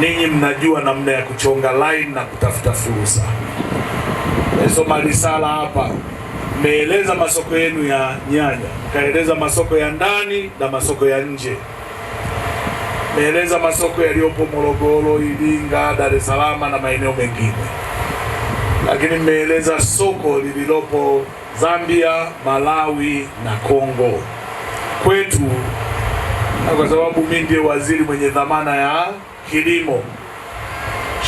ninyi mnajua namna ya kuchonga line na kutafuta fursa. Nimesoma risala hapa, mmeeleza masoko yenu ya nyanya, mkaeleza masoko ya ndani na masoko ya nje, mmeeleza masoko yaliyopo Morogoro, Iringa, Dar es Salaam na maeneo mengine, lakini mmeeleza soko lililopo Zambia, Malawi na Kongo. Kwetu na kwa sababu mimi ndiye waziri mwenye dhamana ya kilimo.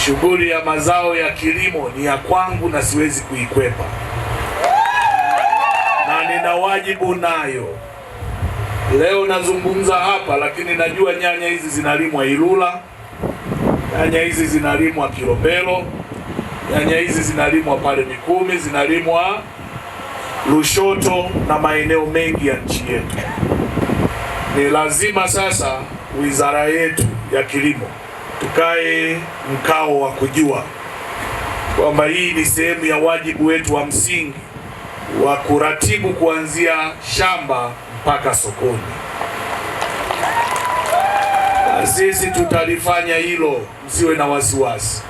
Shughuli ya mazao ya kilimo ni ya kwangu na siwezi kuikwepa, na nina wajibu nayo. Leo nazungumza hapa, lakini najua nyanya hizi zinalimwa Ilula, nyanya hizi zinalimwa Kilombero, nyanya hizi zinalimwa pale Mikumi, zinalimwa Lushoto na maeneo mengi ya nchi yetu. Ni lazima sasa wizara yetu ya kilimo tukae mkao wa kujua kwamba hii ni sehemu ya wajibu wetu wa msingi wa kuratibu kuanzia shamba mpaka sokoni, na sisi tutalifanya hilo, msiwe na wasiwasi.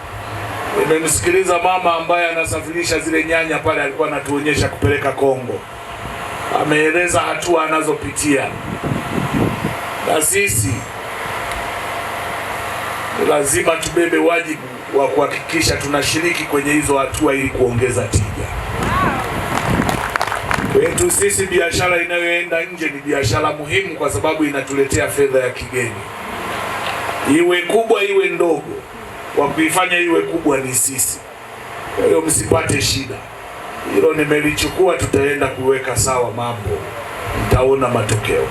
Nimemsikiliza mama ambaye anasafirisha zile nyanya pale, alikuwa anatuonyesha kupeleka Kongo, ameeleza hatua anazopitia na sisi lazima tubebe wajibu wa kuhakikisha tunashiriki kwenye hizo hatua ili kuongeza tija kwetu sisi. Biashara inayoenda nje ni biashara muhimu, kwa sababu inatuletea fedha ya kigeni, iwe kubwa iwe ndogo. Wa kuifanya iwe kubwa ni sisi, kwa hiyo msipate shida. Hilo nimelichukua, tutaenda kuweka sawa mambo, mtaona matokeo.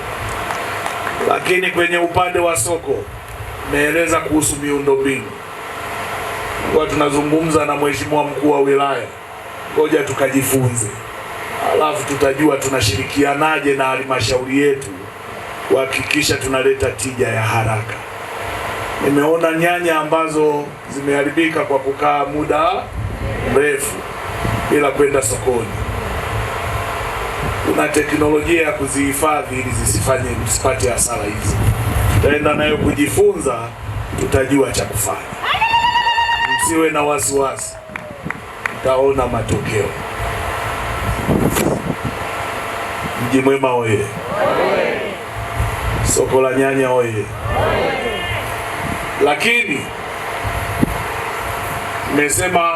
Lakini kwenye upande wa soko ameeleza kuhusu miundombinu kwa tunazungumza na mheshimiwa mkuu wa wilaya, ngoja tukajifunze, alafu tutajua tunashirikianaje na halmashauri yetu kuhakikisha tunaleta tija ya haraka. Nimeona nyanya ambazo zimeharibika kwa kukaa muda mrefu bila kwenda sokoni kuna teknolojia ya kuzihifadhi ili zisifanye msipate hasara hizi. Tutaenda nayo kujifunza, tutajua cha kufanya. Msiwe na wasiwasi, mtaona matokeo. Mji Mwema oye! Soko la Nyanya oye! Lakini nimesema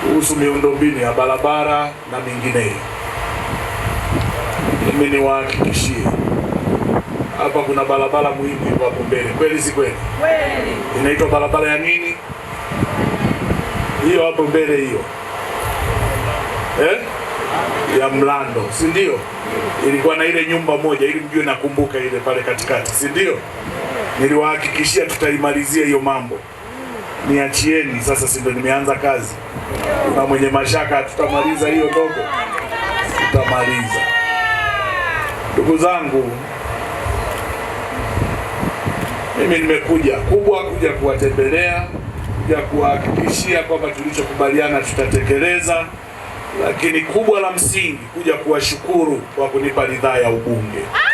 kuhusu miundombinu ya barabara na mingineyo niwahakikishie hapa kuna barabara muhimu iko hapo mbele, kweli si kweli? Inaitwa barabara ya nini hiyo hapo mbele hiyo eh? ya Mlando, si ndio? Ilikuwa na ile nyumba moja, ili mjue nakumbuka ile pale katikati, si ndio? Niliwahakikishia tutaimalizia hiyo mambo. Niachieni sasa, si ndio? Nimeanza kazi. na mwenye mashaka, tutamaliza hiyo ndogo, tutamaliza. Ndugu zangu, mimi nimekuja kubwa kuja kuwatembelea, kuja kuwahakikishia kwamba tulichokubaliana tutatekeleza, lakini kubwa la msingi kuja kuwashukuru kwa kunipa ridhaa ya ubunge.